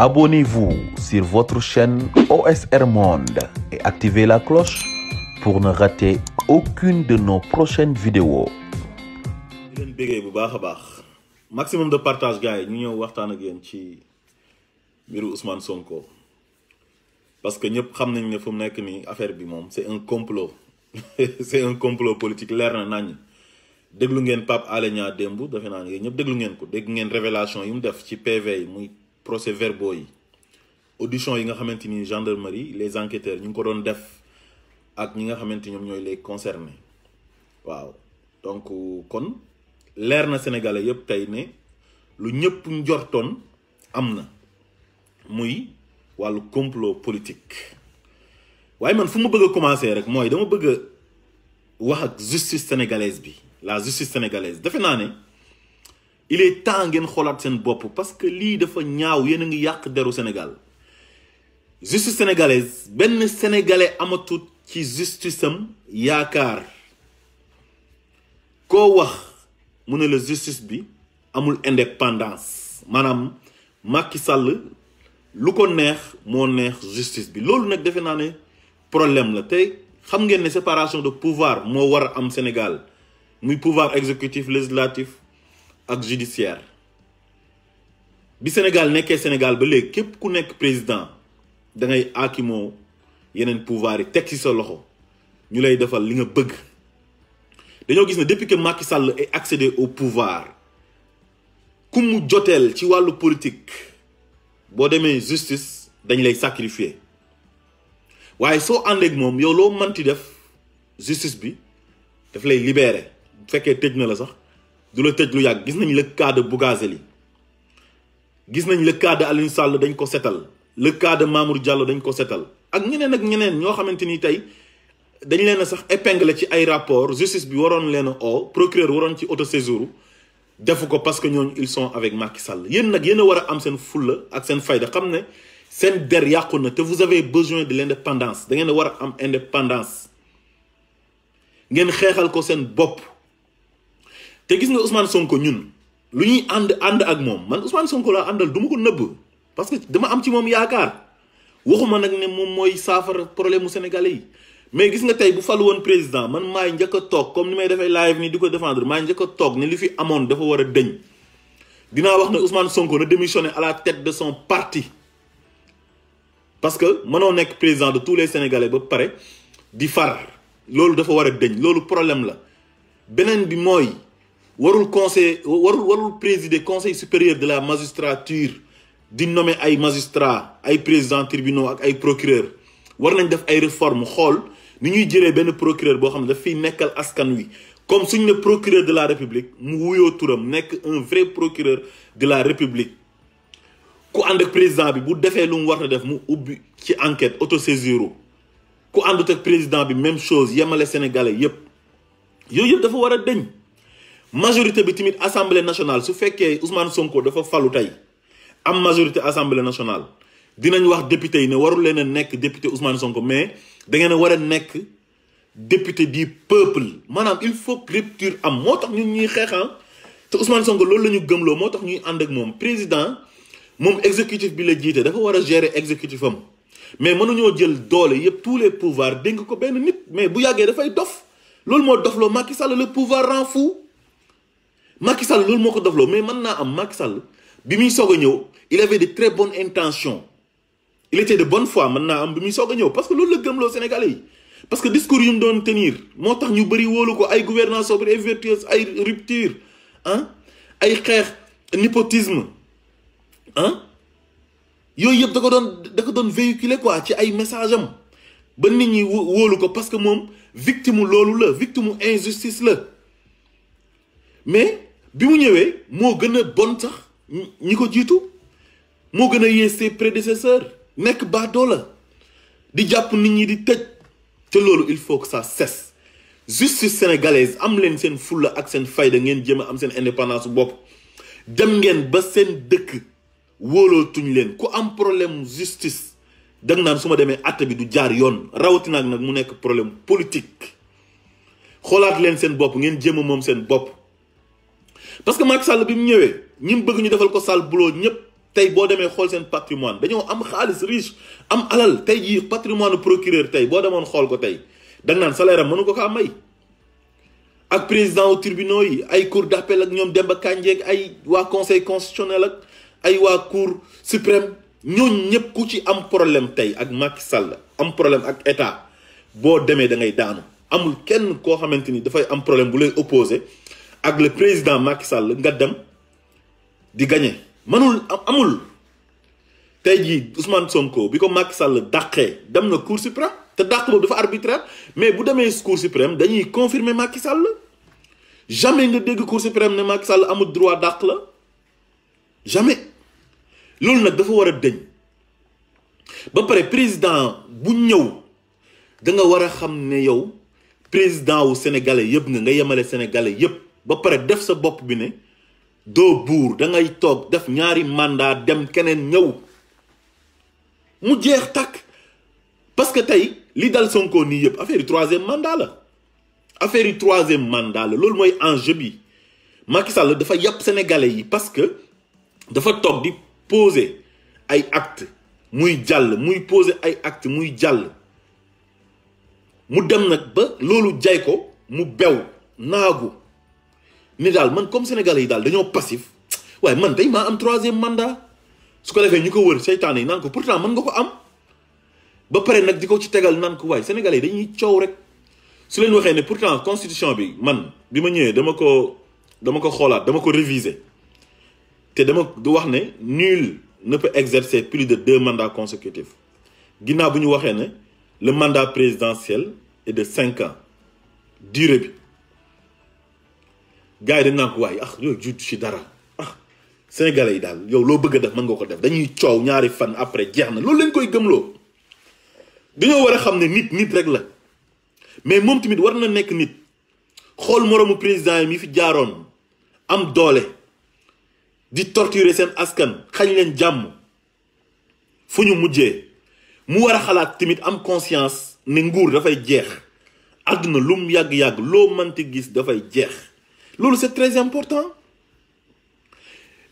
Abonnez-vous sur votre chaîne OSR Monde et activez la cloche pour ne rater aucune de nos prochaines vidéos. di leen bégee bu baax a baax maximum de partage gars ñu ñëw waxtaan a yéen ci mbiru Ousmane Sonko parce que ñëpp xam nañ ne fu mu nekk nii affaire bi moom c'est un complot c'est un complot politique leer na nañ déglu ngeen Pape Alé Niang démb defe naa ne yéen ñëpp déglu ngeen ko dégg ngeen révélation yi mu def ci PV muy. procès verbaux yi audition yi nga xamante ni gendarmerie les enquêteurs ñu ngi ko doon def ak ñi nga xamante ñoom ñooy les concernés waaw donc kon leer na sénégalais yëpp tey ne lu ñëpp njortoon am na muy wàllu complot politique waaye man fu ma bëgg a commencer rek mooy dama bëgg wax ak justice sénégalaise bi la justice sénégalaise defe naa ne il est temps ngeen xoolaat seen bopp parce que lii dafa ñaaw yéen a ngi yàq deru Sénégal justice sénégalaise benn sénégalais amatut ci justice am yaakaar ko wax mu ne la justice bi amul indépendance maanaam Macky Sall lu ko neex moo neex justice bi loolu nag defe naa ne problème la tey xam ngeen ne séparation de pouvoir moo war a am Sénégal muy pouvoir exécutif législatif ak judiciaire bi Sénégal nekkee Sénégal ba léegi képp ku nekk président da ngay aakimoo yeneen pouvar yi teg ci sa loxo ñu lay defal li nga bëgg dañoo gis ne depuis que sàll Sall est accédé au pouvoir ku mu joteel ci wàllu politique boo demee justice dañ lay sacrifier waaye soo àndeek moom yow loo mënti def justice bi daf lay libérer bu fekkee tëj na la sax du la tëj lu yàgg gis nañ le cas de li gis nañ le cas de Aliou Sall dañ ko setal le cas de Mamour Diallo dañ ko setal ak ñeneen ak ñeneen ñoo xamante ni tey dañ leen a sax épingle ci ay rapport justice bi waroon leen a oo procureur waroon ci auto-saisine defu ko parce que ñooñu ils sont avec Macky Sall yéen nag yéen a war a am seen fulla ak seen fayda xam ne seen der yàqu na te vous avez besoin de l'indépendance da ngeen a war a am indépendance ngeen xeexal ko seen bopp te gis nga usman Sonko ñun lu ñuy ànd ànd ak moom man Ousmane Sonko laa àndal du ma ko nëbb parce que dama am ci moom yaakaar waxuma nag ne moom mooy saafara problème mu sénégalais yi mais gis nga tey bu fal woon président man maay njëkk toog comme ni may defee live ni di ko defendre maay njëkk a toog ne li fi amoon dafa war a dëñ dinaa wax ne Ousmane Sonko na démissionné à la tête de son parti parce que mënoo nekk président de tous les sénégalais ba pare di far loolu dafa war a dëñ loolu problème la beneen bi mooy. warul conseil warul warul présider conseil supérieur de la magistrature di nommer ay magistrats ay présidents tribunaux ak ay procureurs war nañ def ay réformes xool ni ñuy jëlee benn procureur boo xam ne daf fiy nekkal askan wi comme suñ ne procureur de la république mu wuyoo touram nekk un vrai procureur de la république ku ànd ak président bi bu defee lu mu war na def mu ubbi ci enquête autosaisir ku ànd ak président bi même chose yemale sénégalais yépp yooyu yëpp dafa war a deñ majorité bi tamit assemblée nationale su fekkee Ousmane Sonko dafa falu tey am majorité assemblée nationale dinañ wax député yi ne warul leen a nekk député Ousmane Sonko mais da ngeen a war a nekk député du peuple maanaam il faut rupture am moo tax ñu ñuy xeexan ah. te Ousmane Sonko loolu la ñu gëmloo moo tax ñuy ànd ak moom président moom exécutif bi la jiite dafa war a gérer exécutif am mais mënuñoo jël doole yëpp tous les pouvoirs dénk ko benn nit mais bu yàggee dafay dof loolu moo dof loo Macky Sall le pouvoir rend fou Macky Sall loolu moo ko dofloo mais mën naa am Macky bi muy soog a ñëw il avait de très bonnes intentions il était de bonne fois mën naa am bi muy soog a ñëw parce que loolu la gëmloo loo yi parce que discours yu mu doon tenir moo tax ñu bëri woolu ko ay gouvernance sobre et vertueuse ay rupture ah ay xeex népotisme ah yooyu yëpp da ko doon da ko doon véhiculer quoi ci ay message am ba nit ñi woolu ko parce que moom victime loolu la victime injustice la mais bi mu ñëwee moo gën a bon sax ñi ko jiitu moo gën a yées ses prédécesseurs nekk la di jàpp nit ñi di tëj te loolu il faut que ça cesse justice sénégalaise am leen seen fulla ak seen fayda ngeen jéem a am seen indépendance bopp dem ngeen ba seen dëkk wóolootuñ leen ku am problème justice dang naan su demee àtte bi du jaar yoon rawatina nag mu nekk problème politique xoolaat leen seen bopp ngeen jéem a moom seen bopp parce que Macky Sall bi mu ñëwee ñi mu bëgg ñu defal ko Sall buloo ñëpp tey boo demee xool seen patrimoine dañoo am xaalis riche am alal tey jii patrimoine procureur tey boo demoon xool ko tey danga naan salaire am mënu ko kaa may ak président wu tribunaux yi ay cour d'appel ak ñoom Demba Kandji ak ay waa conseil constitutionnel ak ay waa cour suprême ñooñ ñëpp ku ci am problème tey ak Macky Sall am problème ak état boo demee da ngay daanu amul kenn koo xamante ni dafay am problème bu lay opposé ak le président Macky Sall nga dem di gagné mënul amul tey jii Ousmane Sonko bi ko Macky Sall dàqee dem na cour suprême te dàq boobu dafa arbitraire mais bu demee cour suprême dañuy confirmer Macky Sall jamais nga dégg cour suprême ne Macky Sall amul droit dàq la jamais loolu nag dafa war a dëñ ba pare président bu ñëw da nga war a xam ne yow président wu sénégalais yëpp nga nga yemale sénégalais yëpp. ba pare def sa bopp bi ne doo buur da ngay toog def ñaari mandat dem keneen ñëw mu jeex takk parce que tey li dal Sonko nii yëpp affaire yi troisième la affaire yi troisième mandat la loolu mooy enjeu bi Macky Sall dafa yàpp sénégalais yi parce que dafa toog di poser ay acte muy jàll muy poser ay acte muy jàll mu dem nag ba loolu jay ko mu bew naagu ni daal man comme sénégale yi daal dañoo passif waaye man tey maa am troisième mandat su ko defee ñi ko wër seytaane yi naan ko pourtant man nga ko am ba pare nag di ko ci tegal naan ko waaye sénégalais yi dañuy coow rek su leen waxee ne pour pourtant constitution bi man bi ma ñëwee dama ko dama ko xoolaat dama ko réviser te dama du wax ne nul ne peut exercer plus de deux mandats consécutifs ginnaaw bu ñu waxee ne le mandat présidentiel est de cinq ans bi gars yi dañ waaye ah yooyu judd ci dara ah sénégalais yi daal yow loo bëgg a def mën nga ko def dañuy coow ñaari fan après jeex na loolu lañ koy gëmloo dañoo war a xam ne nit nit rek la mais moom tamit war na nekk nit xool moroomu président yi mi fi jaaroon am doole di torture seen askan xañ leen jàmm fu ñu mujjee mu war a xalaat tamit am conscience ne nguur dafay jeex àdduna lum yàgg-yàgg loo mënti gis dafay jeex loolu c'est très important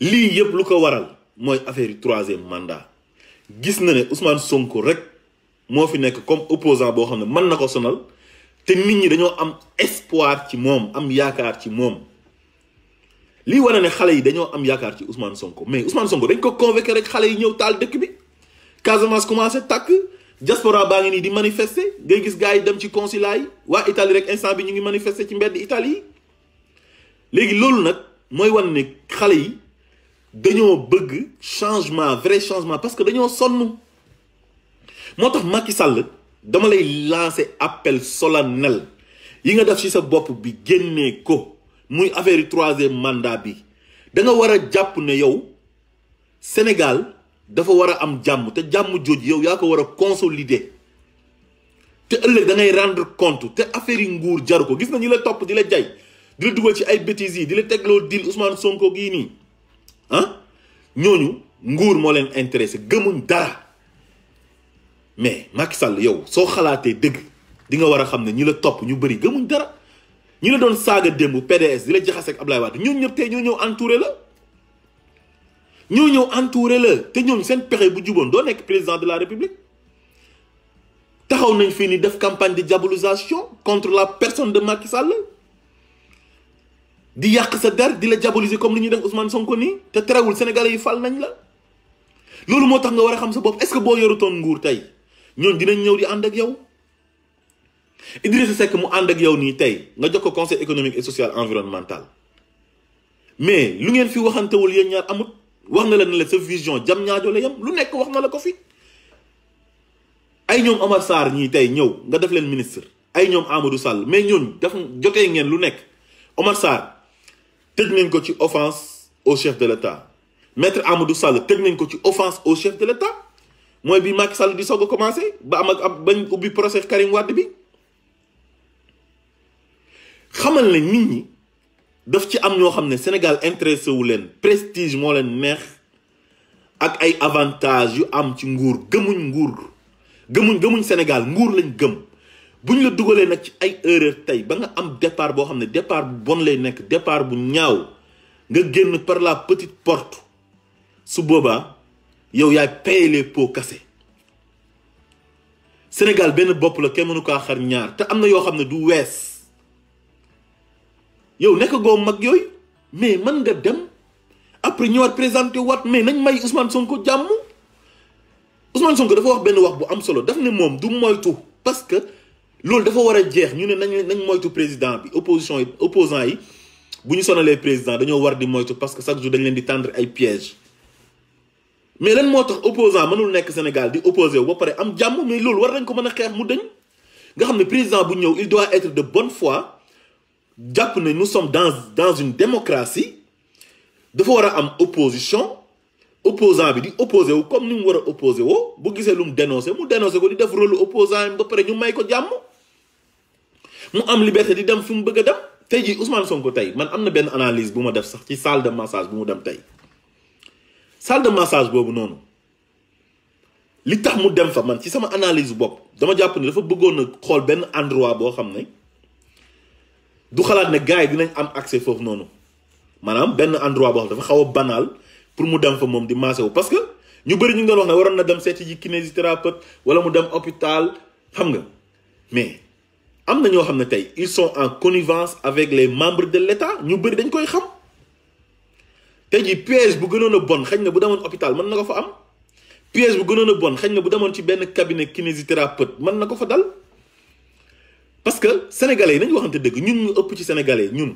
lii yëpp lu ko waral mooy affaire yi troisième mandat gis na ne Ousmane Sonko rek moo fi nekk comme opposant boo xam ne mën na ko sonal te nit ñi dañoo am espoir ci moom am yaakaar ci moom lii wane ne xale yi dañoo am yaakaar ci Ousmane Sonko mais Ousmane Sonko dañ ko convoqué rek xale yi ñëw taal dëkk bi Casamance commencé tàkk diaspora baa ngi nii di manifester ngay gis gars yi dem ci consulat yi waa Italie rek instant bi ñu ngi manifester ci mbedd Italie léegi loolu nag mooy wan ne xale yi dañoo bëgg changement vrai changement parce que dañoo sonn moo tax Macky sàll dama lay lancer appel solennel yi nga def ci sa bopp bi génnee ko muy affaire yi troisième mandat bi da nga war a jàpp ne yow Sénégal dafa war a am jàmm te jàmm jooju yow yaa ko war a consolider te ëllëg da rendre compte te affaire yi nguur jaru ko gis na ñu la topp di la jay di la dugal ci ay bêtises yi di la tegloo dil Ousmane Sonko gii nii ah ñooñu nguur moo leen intéressé gëmuñ dara mais Macky Sall yow soo xalaatee dëgg di nga war a xam ne ñi la topp ñu bëri gëmuñ dara ñi la doon saaga démb PDS di la jaxase ak Ablaye Wade ñoom ñëpp tey ñoo ñëw entouré la. ñoo ñëw entouré la te ñoom seen pexe bu juboon doo nekk président de la république taxaw nañ fii nii def campagne de diabolisation contre la personne de Macky Sall. di yàq sa der di la diaboliser comme lu ñuy def Ousmane Sonko nii te terewul sénégalais yi fal nañ la loolu moo tax nga war a xam sa bopp est-ce que boo yorutoon nguur tey ñoon dinañ ñëw di ànd ak yow Idrissa Seck mu ànd ak yow nii tey nga jox ko conseil économique et social environnemental mais lu ngeen fi waxantewul yéen ñaar amut wax na leen ne la sa vision jam ñaajo la yam lu nekk wax ma la ko fi ay ñoom Omar Sarr ñii tey ñëw nga def leen ministre ay ñoom Amadou Sall mais ñooñ def jotee ngeen lu nekk Omar tëj nañ ko ci offense au chef de l' état maître Amadou Sall tëj nañ ko ci offense au chef de l' état mooy bi Macky Sall di soog a commencé ba am ak ab bañ ubbi procès Karim Wade bi xamal ne nit ñi daf ci am ñoo xam ne Sénégal intéressé wu leen prestige moo leen neex ak ay avantages yu am ci nguur gëmuñ nguur gëmuñ gëmuñ Sénégal nguur lañ gëm. bu ñu la dugalee nag ci ay erreur tey ba nga am départ boo xam ne départ bu bon lay nekk départ bu ñaaw nga génn par la petite porte su boobaa yow yaay payer les kase cassés benn bopp la kenn mënu kaa xar ñaar te am na yoo xam ne du wees yow nekk goo mag yooyu mais mën nga dem après ñëwaat présenté waat mais nañ may Ousmane Sonko jàmm Ousmane Sonko dafa wax benn wax bu am solo daf ne moom du moytu parce que. loolu dafa war a jeex ñu ne nañ nañ moytu président bi opposition yi opposant yi bu ñu sonalee président dañoo war di moytu parce que chaque jour dañ leen di tendre ay pièges mais lan moo tax opposant mënul nekk Sénégal di opposé wu ba pare am jàmm mais loolu war nañ ko mën a xeex mu dëñ nga xam ne président bu ñëw il doit être de bonne foi jàpp ne nous sommes dans dans une démocratie dafa war a am opposition opposant bi di opposé wu comme ni mu war a opposé woo bu gisee lu mu mu dénoncé ko di def rôle opposant ba ñu may ko jàmm mu am liberté di dem fu mu bëgg a dem tey jii Ousmane Sonko tey man am na benn analyse bu ma def sax ci salle de massage bu mu dem tey salle de massage boobu noonu li tax mu dem fa man ci sama analyse bopp dama jàpp ni dafa bëggoon a xool benn endroit boo xam ne du xalaat ne gars yi dinañ am accès foofu noonu maanaam benn endroit boo xam dafa xaw a banal pour mu dem fa moom di massé wu parce que ñu bëri ñu ngi wax ne waroon na dem seeti ji kinésithérapeute wala mu dem hôpital xam nga mais. am na ñoo xam ne tey ils sont en connivence avec les membres de l'État ñu bëri dañ koy xam tey ji piège bu gënoon a bon xañ na bu demoon hôpital mën na ko fa am piège bu gënoon a bon xañ na bu demoon ci benn cabinet kinésithérapeute mën na ko fa dal parce que sénégalais yi nañu waxante dëgg ñun ñu ëpp ci sénégalais ñun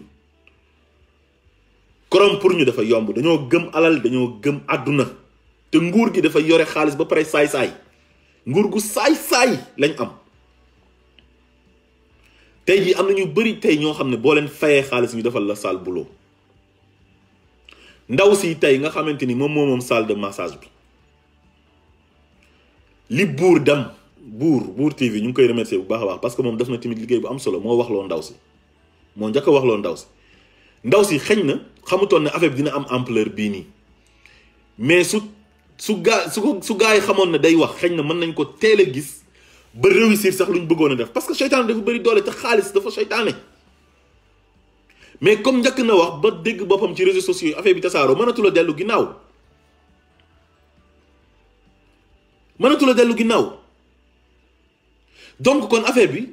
korom ñu dafa yomb dañoo gëm alal dañoo gëm àdduna te nguur gi dafa yore xaalis ba pare saay-saay nguur gu saay-saay lañ am tey jii am na ñu bëri tey ñoo xam ne boo leen fayee xaalis ñu defal la salle boulot ndaw si tey nga xamante ni moom moo moom salle de massage bi li buur dem buur buur TV ñu ngi koy remercier bu baax a baax parce moom def na tamit liggéey bu am solo moo wax loo ndaw si moo njëkk a wax loo ndaw si ndaw si xëñ na xamutoon ne affaire bi dina am ampleur bii nii mais su su gaa su ko su gaa yi xamoon na day wax xëñ na mën nañ ko teel a gis. ba réussir sax lu ñu bëggoon def parce que seytaane dafa bari doole te xaalis dafa seytaane mais comme njëkk na wax ba dégg boppam ci réseaux sociaux yi bi tasaaroo mënatu la dellu ginnaaw mënatu la dellu ginnaaw donc kon affaire bi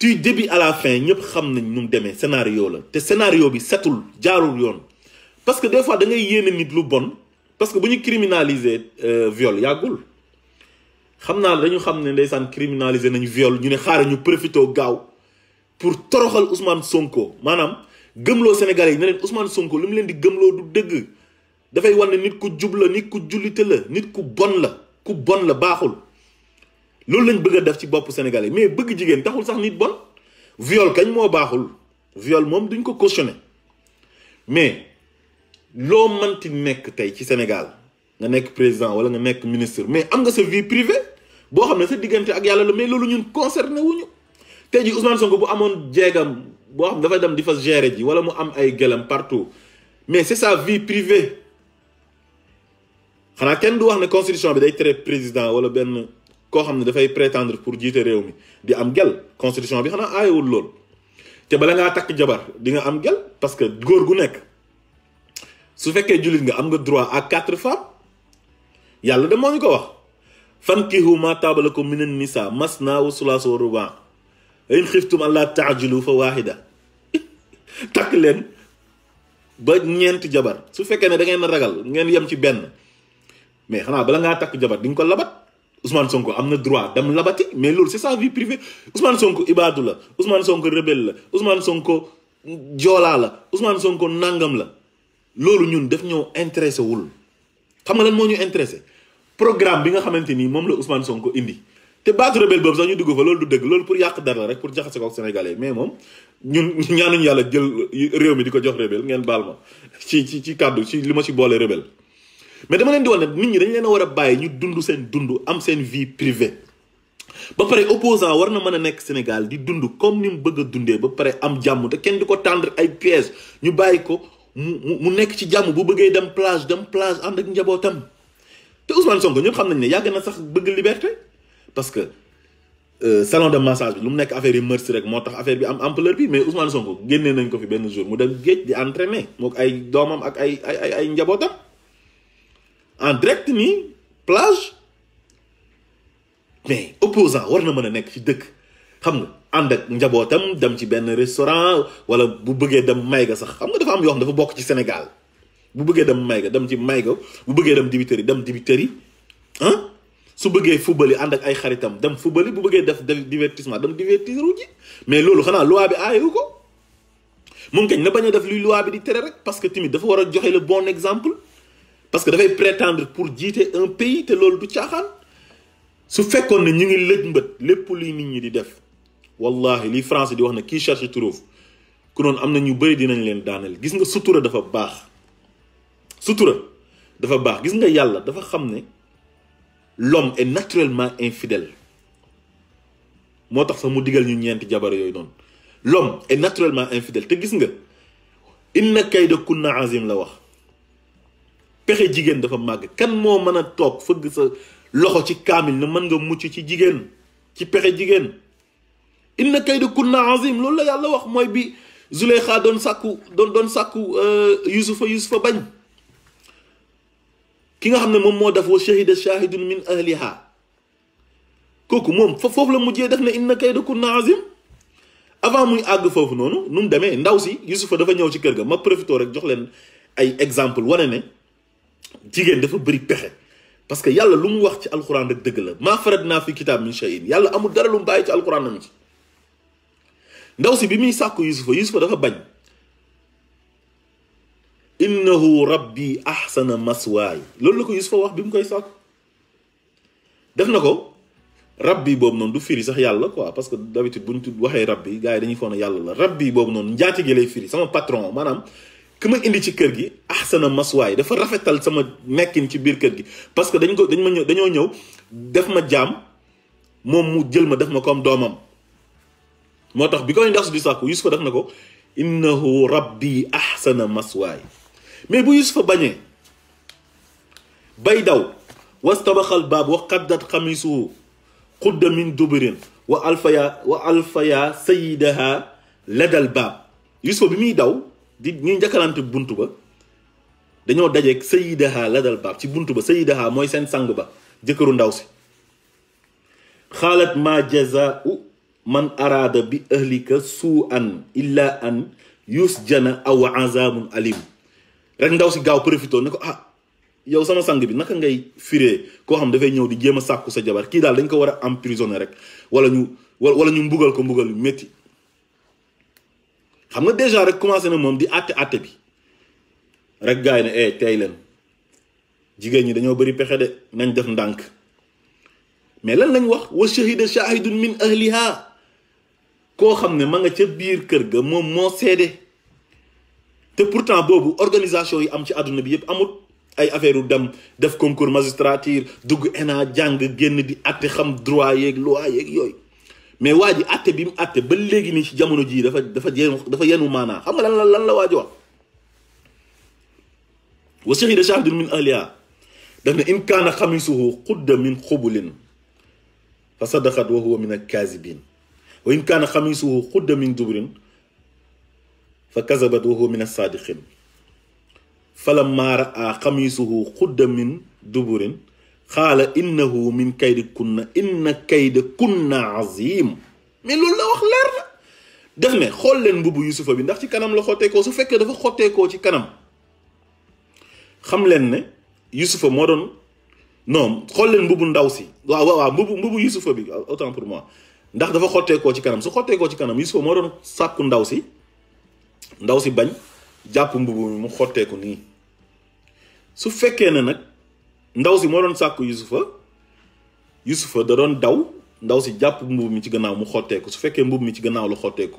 du début à la fin ñëpp xam nañ nu mu demee scénario la te scénario bi setul jaarul yoon parce que des fois da ngay yéene nit lu bon parce que bu ñu criminaliser euh, viol yàggul. xam naa dañu xam ne ndeysaan criminalisé nañu viole ñu ne xaaral ñu profité gaaw pour toroxal Ousmane Sonko maanaam gëmloo Sénégalais yi ne leen Ousmane Sonko li mu leen di gëmloo du dëgg dafay wan ne nit ku jubla la nit ku jullite la nit ku bon la ku bon la baaxul loolu lañ bëgg a def ci bopp Sénégalais mais bëgg jigéen taxul sax nit bon viole kañ moo baaxul viole moom duñ ko cautionné mais loo mënti nekk tey ci Sénégal nga nekk président wala nga nekk ministre mais am nga sa vie privée boo xam ne sa diggante ak yàlla la mais loolu ñun concerné wuñu tey ji Ousmane Sonko bu amoon jeegam boo xam dafay dem di fa gérer ji wala mu am ay gëlam partout mais c'est sa vie privée xanaa kenn du wax ne constitution bi day tere président wala benn koo xam ne dafay prétendre pour jiite réew mi di am gel constitution bi xanaa aayewul lool te bala ngaa takk jabar di nga am gel parce que góor gu nekk su fekkee jullit nga am nga droit à quatre femmes yàlla de moo ñu ko wax fankihu ma taaba lakum min an nisa masna wa sulaasa wa rubaa in xiftum an laa fa waahida takk leen ba ñeenti jabar su fekkee ne da ngeen ragal ngeen yam ci benn mais xanaa bala ngaa takk jabar di ko labat Ousmane Sonko am na droit dem labati mais loolu c'est sa vie privée Ousmane Sonko ibaadu la Ousmane Sonko rebelle la Ousmane Sonko joolaa la Ousmane Sonko nangam la loolu ñun daf ñoo intéressé wul xam nga lan moo ñu intéressé programme bi nga xamante ni moom la Ousmane ko indi te baatu rebelle boobu sax ñu dugg fa loolu du dëgg loolu pour yàq dara rek pour jaxase ko ak sénégalais mais moom ñun ñaanuñu yàlla jël réew mi di ko jox rebelle ngeen baal ma ci ci ci kàddu ci li ma ci boole rebelle mais dama leen di wax ne nit ñi dañ leen a war a bàyyi ñu dund seen dund am seen vie privée ba pare opposant war na mën a nekk Sénégal di dund comme ni mu bëgg a dundee ba pare am jàmm te kenn di ko tendre ay pièges ñu bàyyi ko mu mu nekk ci jàmm bu bëggee dem plage dem plage ànd ak te Ousmane Sonko ñëpp xam nañ ne yàgg na sax bëgg liberté parce que euh, salon de massage bi lu mu nekk affaire yi mœurs rek moo tax affaire bi am ampleur bi mais Ousmane Sonko génnee nañ ko fi benn jour mu dem géej di entraîner mook ay doomam ak ay ay ay njabootam en direct nii plage mais opposant war na mën a nekk ci dëkk xam nga ànd ak njabootam dem ci benn restaurant wala bu bëggee dem may ga sax xam nga dafa am yoo xam dafa bokk ci Sénégal bu bëggee dem may ga dem ci may Mayga bu bëggee dem dibiteri dem dibiteri ah su bëggee fubali ànd ak ay xaritam dem fubali bu bëggee def divertissement dem divertiru ji mais loolu xanaa loi bi aayewu ko moom kañ na bañ a def luy loi bi di tere rek parce que tamit dafa war a joxe le bon exemple parce que dafay prétendre pour jiite un pays te loolu du caaxaan su fekkoon ne ñu ngi lëj mbët lépp luy nit ñi di def wallahi li français di wax ne kii cherche trouve ku noonu am na ñu bëri dinañ leen daaneel gis nga sutura dafa baax sutura dafa baax gis nga yàlla dafa xam ne l'homme et naturellement infidèle moo tax sax mu digal ñu ñeenti jabar yooyu noonu l'homme est naturellement infidèle te gis nga in inna kayda kunna azim la wax pexe jigéen dafa màgg kenn moo mën a toog fëgg sa loxo ci kaamil na mën nga mucc ci jigéen ci pexe jigéen inna kayda kunna azim loolu la yàlla wax mooy bi Zuleyxa doon sàkku doon doon sàkku euh, Yusufa Yusufa bañ ki nga xam ne moom moo def wa shahida shahidun min ahliha kooku moom fa foofu la mujjee def na ne inna kaydakunna azim avant muy àgg foofu noonu nu mu demee ndaw si Yusufa dafa ñëw ci kër gi ma profité rek jox leen ay exemple wane ne jigéen dafa bëri pexe parce que yàlla lu mu wax ci alxuraan rek dëgg la maa farat naa fi kitaab min shay'in yàlla amul dara lu mu bàyyi ci alxuraan nañu ci ndaw si bi muy sàkku Yusufa Yusufa dafa bañ innahu rabbi ahsana maswaay loolu la ko yusufa wax bi mu koy sàkku def na ko rabbi boobu noonu du firi sax yàlla quoi parce que d'habitude bu waxee rabbi gars yi dañuy foog ne yàlla la rabbi boobu noonu njaatige lay firi sama patron maanaam ki ma indi ci kër gi ahsana maswaay dafa rafetal sama nekkin ci biir kër gi parce que dañ ko dañ ma ñëw dañoo ñëw def ma jaam moom mu jël ma def ma comme doomam moo tax bi koy ndax di sàkku yusufa def na ko innahu rabbi ahsana maswaay mais bu Yusufa bañee bay daw wastabaxal baab wa qaddat xamisuhu xudda min dubirin wa alfaya wa alfaya sayidaha ladal baab Yusufa bi muy daw di ñuy njëkkalante bunt ba dañoo dajeeg sayidaha ladal baab ci bunt ba sayidaha mooy seen sang ba jëkkëru ndaw si xaalat ma jazaau man araada bi ahlika suu an illa an yusjana aw azabun alim rek ndaw si gaaw profité ne ko ah yow sama sang bi naka ngay firee koo xam ne dafay ñëw di jéem a sàkku sa jabar kii daal dañ ko war a emprisonné rek wala ñu wala ñu mbugal ko mbugal yu métti xam nga déjà rek commencé na moom di àtte àtte bi rek gars yi ne eh tey leen jigéen ñi dañoo bari pexe de nañ def ndànk mais lan lañ wax wa shahida shahidun min ahliha koo xam ne ma nga ca biir kër ga moom moo seede te pourtant boobu organisation yi am ci àdduna bi yëpp amut ay affaire dem def concours magistrature dugg ENA jàng génn di àtte xam droit yeeg loi yeeg yooyu mais waa ji àtte bi mu àtte ba léegi nii ci jamono jii dafa dafa yenu dafa yenu maanaa xam nga la lan la waa ji wax wa shahida shahidun min ahliha daf ne in kaana xamisuhu xudda min xubulin fa sadaqat wa huwa min alkaasibin wa in kaana xamisuhu xudda min duburin fa kazabat wa huwa min as-saadiqin falammaa ra'aa xamiisuhu xudda min duburin xaala innahu min kaydi kunna inna kayda kunna azim mais loolu la wax leer def ne xool leen mbubu yusufa bi ndax ci kanam la xotteekoo su fekkee dafa xotteekoo ci kanam xam leen ne yusufa moo doon non xool leen mbubu ndaw si waaw waaw waaw mbubu mbubu yusufa bi autant ndax dafa xotteekoo ci kanam su xotteekoo ci kanam yusufa moo doon sàkku ndaw si ndaw si bañ jàpp mbubu mi mu xottee ko nii su fekkee ne nag ndaw si moo doon sàkk yusufa yusufa da doon daw ndaw si jàpp mbubu mi ci gannaaw mu xottee su fekkee mbubu mi ci gannaaw la xottee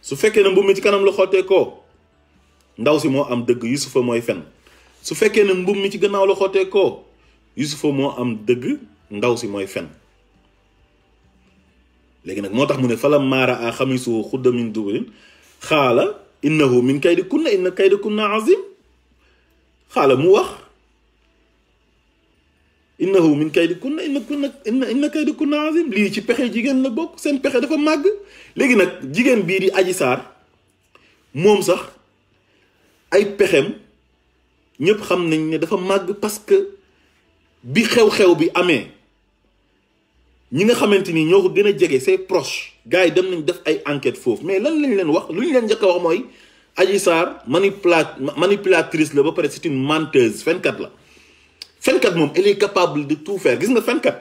su fekkee ne mbubu mi ci kanam la ndaw si moo am dëgg yusufa mooy fen su fekkee ne mbubu mi ci gannaaw la xottee yusufa moo am dëgg ndaw si mooy fen léegi nag moo tax mu ne fala maara a xamisu xudda min dubalin xaala innahu min kaydi kunna inna kaydi kunna azim xaala mu wax innahu min kaydi kunna inna kunna inna inna kaydi kunna azim lii ci pexe jigéen la bokk seen pexe dafa màgg léegi nag jigéen bii di aji saar moom sax ay pexem ñëpp xam nañ ne dafa màgg parce que bi xew-xew bi amee ñi nga xamante ni ñoo ko gën a jege say proches gars yi dem nañ def ay enquête foofu mais lan lañ leen wax lu ñu leen njëkk a wax mooy Adji Sarr manipula manipulatrice la ba pare c'est une menteuse fenkat la fenkat moom elle est capable de tout faire gis nga fenkat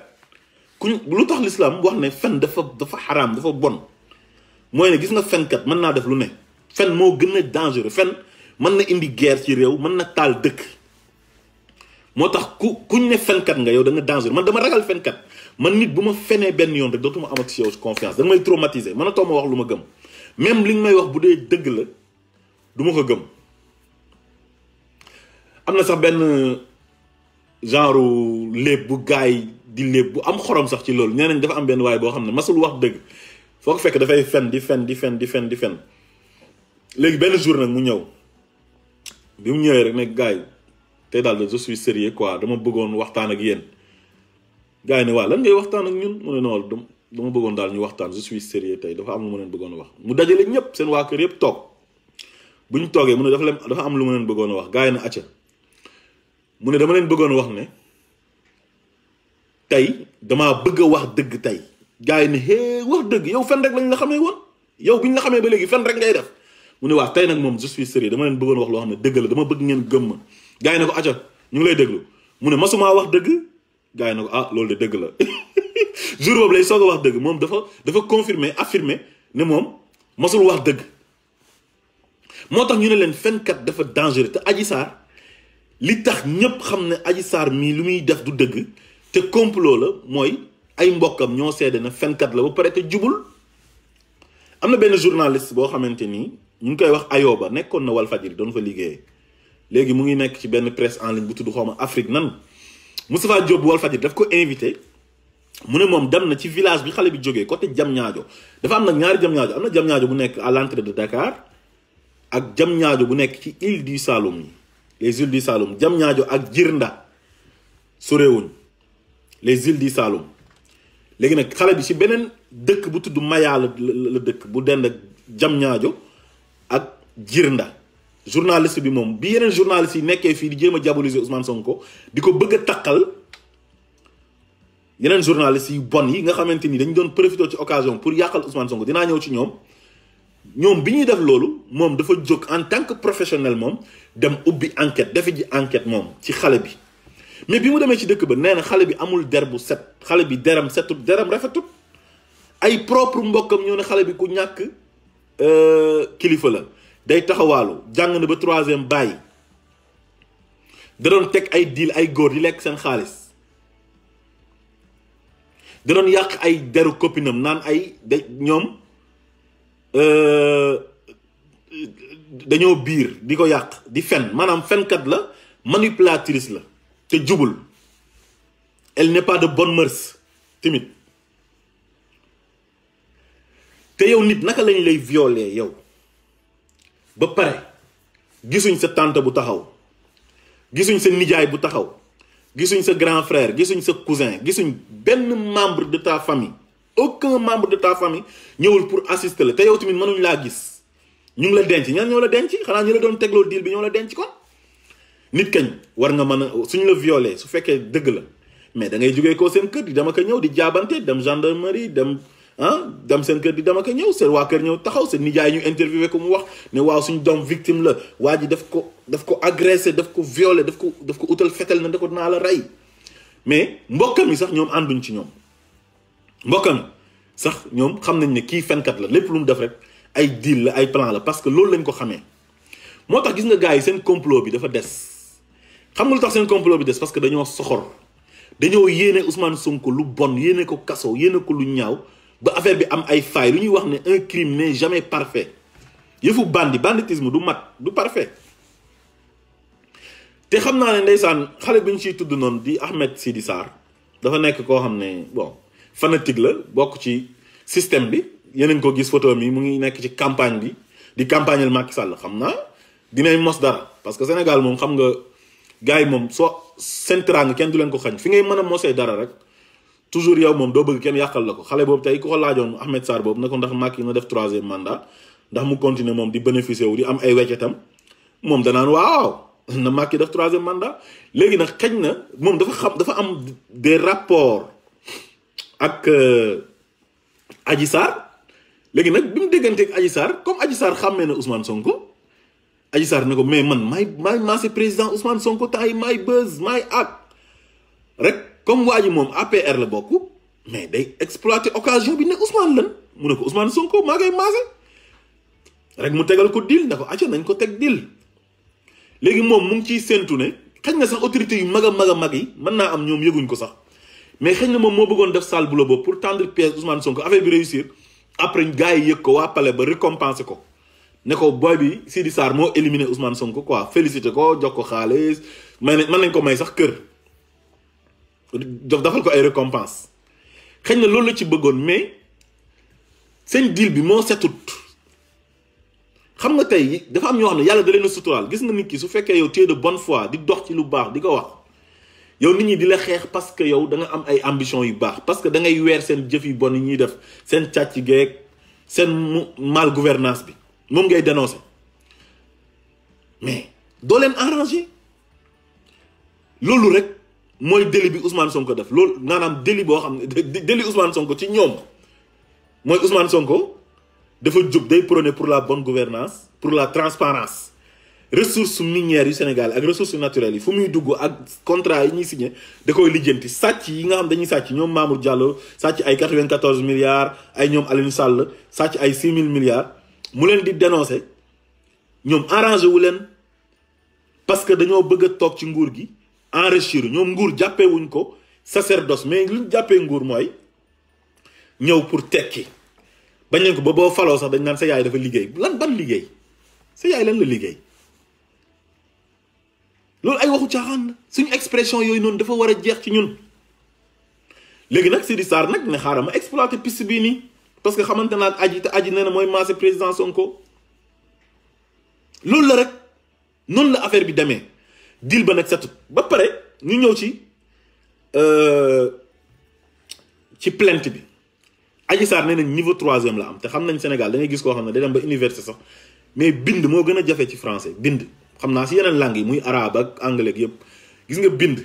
ku lu tax l'islam wax ne fen dafa dafa xaraam dafa bon mooy ne gis nga fenkat mën naa def lu ne fen moo gën a dangereux fen mën na indi guerre ci réew man na taal dëkk moo tax ku ku ñu ne fenkat nga yow da nga dangereux man dama ragal fenkat man nit bu ma fenee benn yoon rek dootuma am ak si yow confiance danga may traumatiser mënatoo ma wax lu ma gëm même li nga may wax bu dee dëgg la du ma ko gëm am na sax benn genre léeb bu gaay di léeb bu am xorom sax ci loolu nee dafa am benn waay boo xam ne masul wax dëgg foo ko fekk dafay fen di fen di fen di fen di fen léegi benn jour nag mu ñëw bi mu ñëwee rek ne gaay tey daal de je suis sérieux quoi dama bëggoon waxtaan ak yéen gars yi ne waa lan ngay waxtaan ak ñun mu ne non dama dama bëggoon daal ñu waxtaan je suis sérieux tey dafa am lu ma leen bëggoon wax mu dajale ñëpp seen waa kër yëpp toog bu ñu toogee mu ne dafa leen dafa am lu ma leen bëggoon wax gars yi ne acca mu ne dama leen bëggoon wax ne tey damaa bëgg a wax dëgg tey gars yi ne wax dëgg yow fen rek lañ la xamee woon yow bi ñu la xamee ba léegi fen rek mu ne waa tey nag moom je suis sérieux dama leen bëggoon wax loo xam ne dëgg la dama bëgg ngeen gëm ma yi ne ko acca ñu ngi lay déglu mu ne masumaa wax dëgg gars yi na ko ah loolu de dëgg la jour boobu lay soog a wax dëgg moom dafa dafa confirmer affirmer ne moom masul wax dëgg moo tax ñu ne leen fenkat dafa dangereux te Adji li tax ñëpp xam ne Adji Sarr mii lu muy def du dëgg te complot la mooy ay mbokkam ñoo sedd na fenkat la ba pare te jubul am na benn journaliste boo xamante ni ñu ngi koy wax Ayoba nekkoon na Walfadjri doon fa liggéeyee léegi mu ngi nekk ci benn presse en ligne bu tudd xawma Afrique nan Moustapha Diop bu Walfadjri daf ko invité mu ne moom dem na ci village bi xale bi jógee côté Diamniadio dafa am nag ñaari Diamniadio am na Diamniadio bu nekk à l'entrée de ak Diamniadio bu nekk ci île du salom yi les îles du jam Diamniadio ak Djirnda sorewuñ les îles du Saloum léegi nag xale bi ci beneen dëkk bu tuddu Maya la la dëkk bu dend ak Diamniadio ak Djirnda journaliste bi moom bi yeneen journaliste yi nekkee fii di jéem a diaboliser Ousmane Sonko di ko bëgg a taqal yeneen journaliste yu bon yi nga xamante ni dañ doon profité ci occasion pour yàqal Ousmane Sonko dinaa ñëw ci ñoom ñoom bi ñuy def loolu moom dafa jóg en tant que professionnel moom dem ubbi enquête defe ji enquête moom ci xale bi mais bi mu demee ci dëkk ba nee na xale bi amul der bu set xale bi deram setut deram rafetut ay propre mbokkam ñoo ne xale bi ku ñàkk euh, kilifa la day taxawaalu jàng na ba troisième bàyyi da doon teg ay diil ay góor di lekk seen xaalis da doon yàq ay deru copinam naan ay da ñoom euh, dañoo biir di ko yàq di fen maanaam fenkat la manipulatrice la te jubul elle n'est de bon mœurs timide te yow nit naka lañ lay violer yow ba pare gisuñ sa tante bu taxaw gisuñ sa nijaay bu taxaw gisuñ sa grand frère gisuñ sa cousin gisuñ benn membre de ta famille aucun membre de ta famille ñëwul pour assister la te yow tamit mënuñ laa gis ñu ngi la denc ñan ñoo la denc xanaa ñu la doon tegloo deal bi ñoo la denc kon nit kañ war nga mën a suñ la violé su fekkee dëgg la mais da ngay jógee koo seen kër di dama ko ñëw di jaabante dem gendarmerie dem ah dem seen kër di dem ak a ñëw seen waa kër ñëw taxaw seen nijaay ñu interviewé ko mu wax ne waaw suñu doom victime la waa ji daf ko daf ko agressé daf ko violé daf ko daf ko utal fetal na da ko naa la rey mais mbokkam yi sax ñoom ànduñ ci ñoom mbokkam sax ñoom xam nañ ne kii fenkat la lépp lu mu def rek ay deal la ay plan la parce que loolu lañ ko xamee moo tax gis nga gars yi seen complot bi dafa des xam nga lu tax seen complot bi des parce que dañoo soxor dañoo yéene Ousmane sunk lu bon yéene ko kaso yéene ko lu ñaaw ba affaire bi am ay failles lu ñuy wax ni un crime n'est jamais parfait yëfu bandi banditisme du mat du parfait te xam naa ne ndeysaan xale bi ñu ciy tudd noonu di Ahmed Sidi Sarr dafa nekk koo xam ne bon fanatique la bokk ci système bi yeneen ko gis photo mi mu ngi nekk ci campagne bi di campagneel Macky Sall xam naa dinañ mos dara parce que Sénégal moom xam nga gars yi moom soo seen teraanga kenn du leen ko xañ fi ngay mën a mosee dara rek. toujours yow moom doo bëgg kenn yàqal la ko xale boobu tey ku ko laajoon Ahmed Sarr boobu na ko ndax Macky na def troisième mandat ndax mu continuer moom di bénéficier wu di am ay weccetam moom danaan waaw na Macky def troisième mandat léegi nag xëj na moom dafa xam dafa am des rapports ak euh, aji Sarr léegi nag bi mu dégganteeg Adji Sarr comme Adji Sarr xàmmee na Ousmane Sonko Adji Sarr ne ko mais man maay maay maase président Ousmane Sonko taay maay buzz maay ak rek. comme waa ji moom APR la bokk mais day exploiter occasion bi ne Ousmane lan mu ne ko Ousmane Sonko maa ngay maase rek mu tegal ko dil ne ko nañ ko teg dil léegi moom mu ngi ciy séntu ne xëy na sax autorité yu mag a mag a mag yi mën naa am ñoom yëguñ ko sax mais xëy na moom moo bëggoon def sale boulot boobu pour tendre piège Ousmane Sonko affaire bi réussir après gars yi yëg ko waa ba récompenser ko ne ko boy bi Sidi Sarr moo éliminé Ousmane Sonko quoi félicité ko jox ko xaalis may ne mën nañ ko may sax kër. dafal ko ay récompense xëy na loolu la ci bëggoon mais seen deal bi moo setut xam nga tey dafa am ñoo xam ne yàlla da leen a suturaal gis nga nit ki su fekkee yow tu es de bonne foi di dox ci lu baax di ko wax yow nit ñi di la xeex parce que yow da am ay ambition yu baax parce que da ngay weer seen jëf yu bon yi ñuy def seen càcc geeg seen mal gouvernance bi moom ngay dénoncer mais doo leen arranger loolu rek. mooy délit bi Ousmane Sonko def loolu maanaam délit boo xam ne délit Ousmane Sonko ci ñoom mooy Ousmane Sonko dafa jub day prôné pour la bonne gouvernance pour la transparence ressources minières yu Sénégal ak ressources naturelles yi fu muy dugg ak contrat yi ñu signé da koy lijjanti sàcc yi nga xam dañuy sàcc ñoom Mamour Diallo sàcc ay 94 milliards ay ñoom Alioune Sall sàcc ay mille milliards mu leen di dénoncé ñoom arrangé wu leen parce que dañoo bëgg a toog ci nguur gi. enrichir ñoom nguur jàppewuñ wuñ ko sacerdoce mais luñ jàppee nguur mooy ñëw pour tekki bañ leen ko ba boo faloo sax dañ naan sa yaay dafa liggéey lan ban liggéey sa yaay lan la liggéey loolu ay waxu caaxaan la suñu expression yooyu noonu dafa war a jeex ci ñun léegi nag Sidi Sarr nag ne xaaral ma exploité piste bii nii parce que xamante naa aji te aji nee na mooy maase président Sonko loolu la rek noonu la affaire bi demee. deal ba nag setut ba pare ñu ñëw ci euh, ci plainte bi Adji Sarr nañ niveau troisième la am te xam nañ Sénégal da gis koo xam ne day dem ba université sax mais bind moo gën a jafe ci français bind xam naa si yeneen langue yi muy arabe ak anglais ak yëpp gis nga bind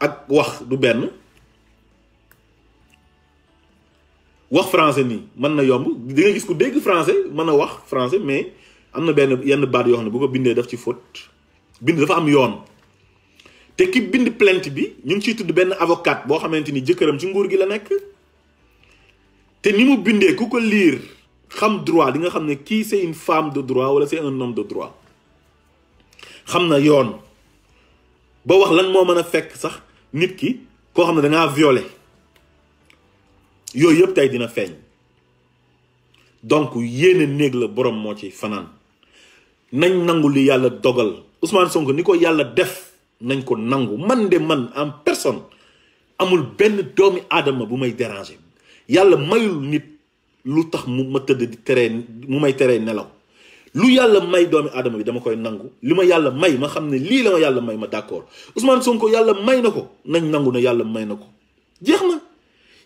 ak wax du benn wax français nii mën na yomb di gis ku dégg français mën a wax français mais am na benn yenn baat yoo xam ne bu ko bindee def ci faute bind dafa am yoon te ki bind plainte bi ñu ngi ciy tudd benn avocat boo xamante ni jëkkëram ci nguur gi la nekk te ni mu bindee ku ko liir xam droit di nga xam ne kii c'est une femme de droit wala c'est un homme de droit xam na yoon ba wax lan moo mën a fekk sax nit ki koo xam ne dangaa violé yooyu yëpp tey dina feeñ donc yéene néeg la boroom moo ci fanaan nañ nangu li yàlla dogal Ousmane Sonko ni ko yàlla def nañ ko nangu man de man am personne amul benn doomi aadama bu may déranger yàlla mayul nit lu tax mu ma tëdd di teree mu may teree nelaw lu yàlla may doomi aadama bi dama koy nangu li ma yàlla may ma xam ne lii la ma yàlla may ma d'accord Ousmane Sonko yàlla may na ko nañ nangu na yàlla may na ko jeex na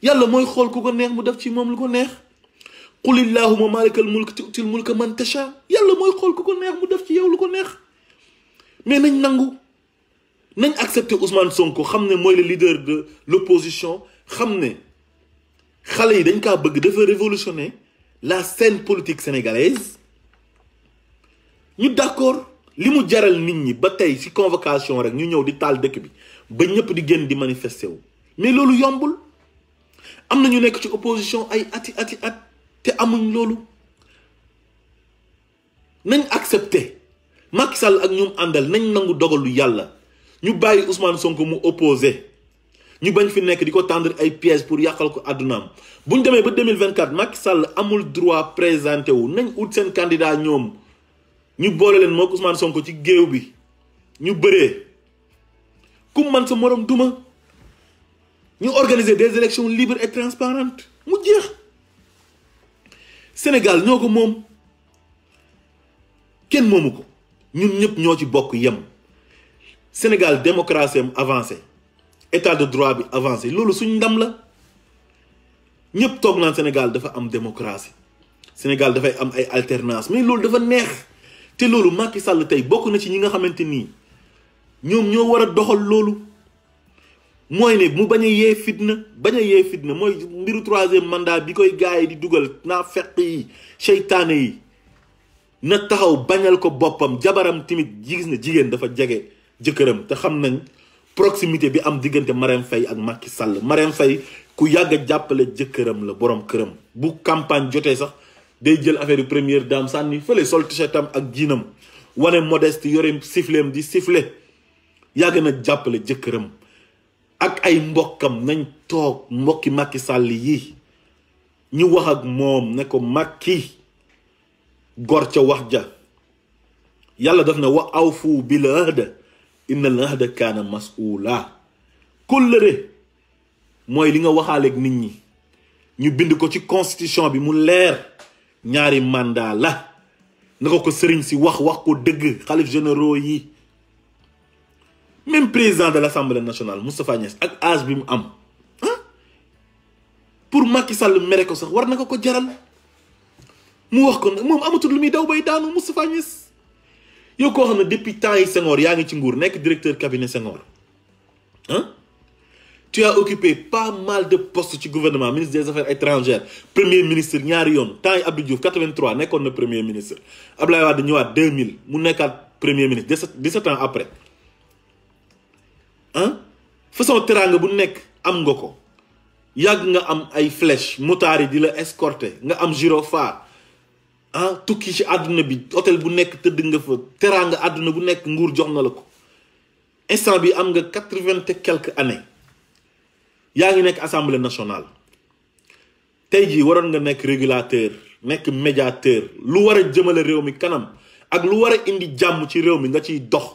yàlla mooy xool ku ko neex mu def ci moom lu ko neex qulillahuma malikal mulk tu'til mulka man tasha yàlla mooy xool ku ko neex mu def ci yow lu ko neex mais nañ nangu nañ accepter Ousmane Sonko xam ne mooy le leader de l'opposition xam ne xale yi dañ kaa bëgg dafa révolutionner la scène politique sénégalaise ñu d'accord li mu jaral nit ñi ba tey ci convocation rek ñu ñëw di taal dëkk bi ba ñëpp di génn di manifester wu mais loolu yombul am na ñu nekk ci opposition ay ati ati at te amuñ loolu nañ accepté Macky Sall ak ñum àndal nañ nangu dogalu yàlla ñu bàyyi Ousmane Sonko mu opposé ñu bañ fi nekk di ko tendre ay pièges pour yàqal ko àddunaam bu ñu demee ba 2024 Macky Sall amul droit présenté wu nañ ut seen candidat ñoom ñu boole leen moo Ousmane Sonko ci géew bi ñu bëree ku man sa morom duma ñu organiser des élections libres et transparentes mu jeex Sénégal ñoo ko moom kenn moomu ko ñun ñëpp ñoo ci bokk yem Sénégal démocratie am avancé état de droit bi avancé loolu suñ ndam la ñëpp toog naan Sénégal dafa am démocratie Sénégal dafay am ay alternance mais loolu dafa neex te loolu Macky sàll tey bokk na ci ñi nga xamante nii ñoom ñoo war a doxal loolu mooy ne mu bañ a yee fitna bañ a yee fitna mooy mbiru troisième mandat bi koy gars di dugal naa fekk yi seytaane yi na taxaw bañal ko boppam jabaram tamit gis na jigéen dafa jege jëkkëram te xam nañ proximité bi am diggante Marème Faye ak Macky Sall Marème Faye ku yàgg a jàppale jëkkëram la borom këram bu campagne jotee sax day jël affaire yu première dame sànni fële sol t-shirtam ak jiinam wane modeste yore sifleem di sifle yàgg na jàppale jëkkëram ak ay mbokkam nañ toog mbokki Macky sàll yi ñu wax ak moom ne ko Macky gor ca wax ja yàlla daf ne wa awfu bil ahda innal ahda kaana mas'uula kóllëre mooy li nga waxaaleeg nit ñi ñu bind ko ci constitution bi mu leer ñaari mandat la na ko ko sëriñ si wax wax ko dëgg xalif généraux yi même président de l' assemblée nationale Moustapha Niass ak âge bi mu am ah pour Macky Sall mere ko sax war na ko ko jaral mu wax ko nag moom amatul lu muy daw bay daanu Moustapha Niass yow koo xam ne depuis temps yi yaa ngi ci nguur nekk directeur cabinet Senghor ah tu as occupé pas mal de postes ci gouvernement ministre des affaires étrangères premier ministre ñaari yoon temps yi Abdou Diouf 83 nekkoon na premier ministre Abdoulaye Wade ñëwaat 2000 mu nekkaat premier ministre 17 17 ans après. ah façon teraanga bu nekk am nga ko yàgg nga am ay flèche motards yi di la escorter nga am gyrophare ah tukki ci àdduna bi hôtel bu nekk tëdd nga fa teraanga àdduna bu nekk nguur jox na la ko instant bi am nga quatre-vingt et quelques années yaa ngi nekk assemblée nationale tey jii waroon nga nekk régulateur nekk médiateur lu war a jëmale réew mi kanam ak lu war a indi jàmm ci réew mi nga ciy dox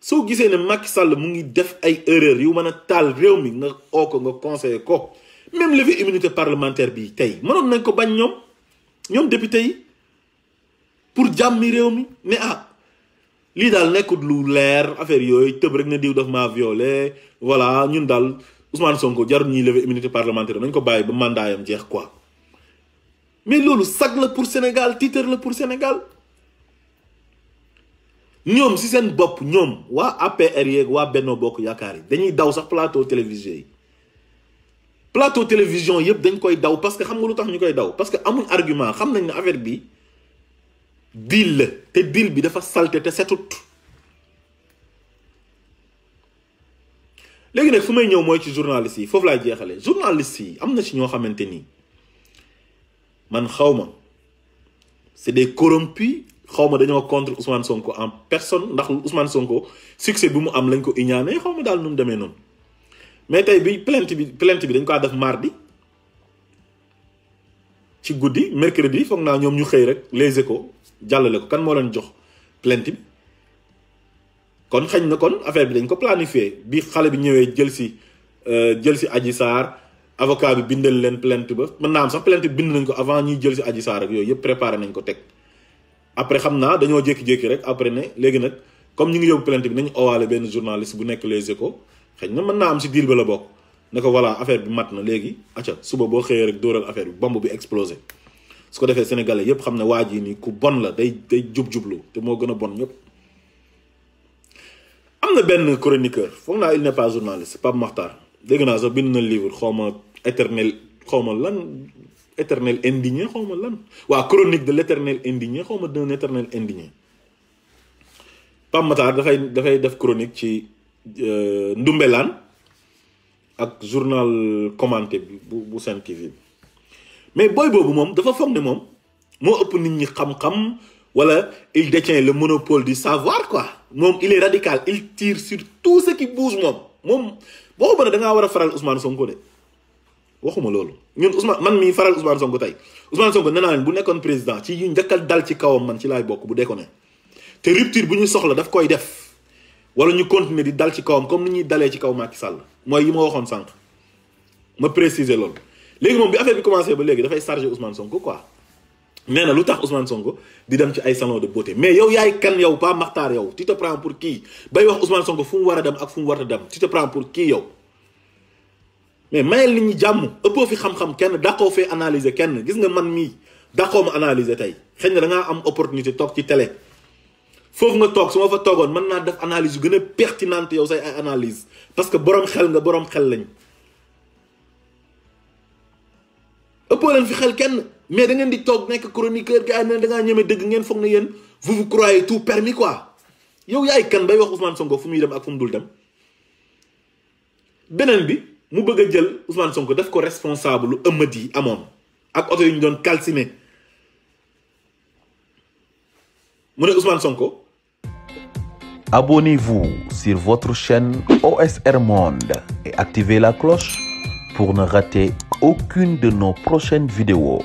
soo gisee ne mag Sall mu ngi def ay erreur yu mën a taal réew mi nga oo ko nga conseillé ko même levée immunité parlementaire bi tey mënoon nañ ko bañ ñoom ñoom député yi pour jàmmi réew mi ne ah lii daal nekkut lu leer affaire yooyu tëb rek ne diw daf maa violé voilà ñun daal Ousmane Sonko jarul ñuy lever immunité parlementaire nañ ko bàyyi ba mandaayam jeex quoi mais loolu sag la pour Sénégal titre la pour Sénégal ñoom si seen bopp ñoom waa APR yeeg waa Benno Bokk Yaakaar yi dañuy daw sax plateau télévision yi plateau télévision yëpp dañ koy daw parce que xam nga lu tax ñu koy daw parce que amuñ argument xam nañ ne affaire bi deal la te deal bi dafa salte te setut léegi nag fu may ñëw mooy ci journaliste yi foofu laay jeexale journaliste yi am na ci ñoo xamante nii man xawma c'est des corrompus xaw ma dañoo contre Ousmane Sonko en personne ndax Ousmane Sonko succès bi mu am lañ ko iñaane xaw ma daal nu demee noonu mais tey bi plant bi plainte bi dañ ko def mardi ci guddi mercredi foog naa ñoom ñu xëy rek les ko jàllale ko kan moo leen jox plainte kon xañ na kon affaire bi dañ ko planifier bi xale bi ñëwee jël si euh, jël si Adji Sarr avocat bi bindal leen plainte ba mën naa am sax plainte bi bind nañ ko avant ñuy jël si Adji Sarr ak yooyu yëpp préparé nañ ko teg. après xam naa dañoo jékki-jékki rek après ne léegi nag comme ñu ngi yóbbu plainte bi nañu owaale benn journaliste bu nekk les échos xëy na mën naa am si diir ba la bokk ne ko voilà affaire bi mat na léegi acca suba boo xëyee rek dóoral affaire bi bomb bi explosé su ko defee sénégalais yépp xam ne waa jii nii ku bon la day day jub-jublu te moo gën a bon ñëpp am na benn chroniqueur foog naa il n'est pas journaliste Pape Makhtar dégg naa sax bind na livre xaw ma éternel xaw ma lan éternel indigné xaw ma lan waa chronique de l' éternel indigné xaw ma d'un éternel indigné Pape dafay dafay def chronique ci euh, Ndumbelaan ak journal commenté bi bu bu Sen TV bi mais booy boobu moom dafa foog ne moom moo ëpp nit ñi xam-xam wala il détient le monopole du savoir quoi moom il est radical il tire sur tout ce moom moom waxuma ne da war a faral Ousmane Sonko de waxuma loolu. ñun Ousmane man mi faral Ousmane Sonko tey Ousmane Sonko nee naa leen bu nekkoon président ci yu njëkkal dal ci kawam man ci laay bokk bu déconné te rupture bu ñu soxla daf koy def wala ñu continuer di dal ci kawam comme ni ñuy dalee ci kaw Macky Sall mooy yi ma waxoon sànq ma préciser loolu. léegi moom bi affaire bi commencé ba léegi dafay chargé Ousmane Sonko quoi nee na lu tax Ousmane Sonko di dem ci ay salon de beauté mais yow yaay kan yow pas Makhtar yow tu te kii bay wax Ousmane Sonko war a ak fu mu war a dem tu te prends pour kii yow. mais mayel li ñi jàmm ëppoo fi xam-xam kenn dàqoo fee analyser kenn gis nga man mii dàqoo ma analyser tey xëy na da am opportunité toog ci télé foofu nga toog su ma fa toogoon mën naa def analyse yu gën a pertinente yow say ay analyse parce que borom xel nga borom xel lañ ëppoo leen fi xel kenn mais da ngeen di toog nekk chroniqueur gars yi ne da ngaa ñeme dëgg ngeen foog ne yéen vous vous croyez tout permis quoi yow yaay kan bay wax Ousmane Sonko fu muy dem ak fu mu dul bi. mu bëgg a jël Ousmane Sonko def ko responsable lu ëmmat yi amoon ak oto yi ñu doon calciné mu ne Ousmane Sonko. Abonnez-vous sur votre chaîne OSR Monde et activez la cloche pour ne rater aucune de nos prochaines vidéos.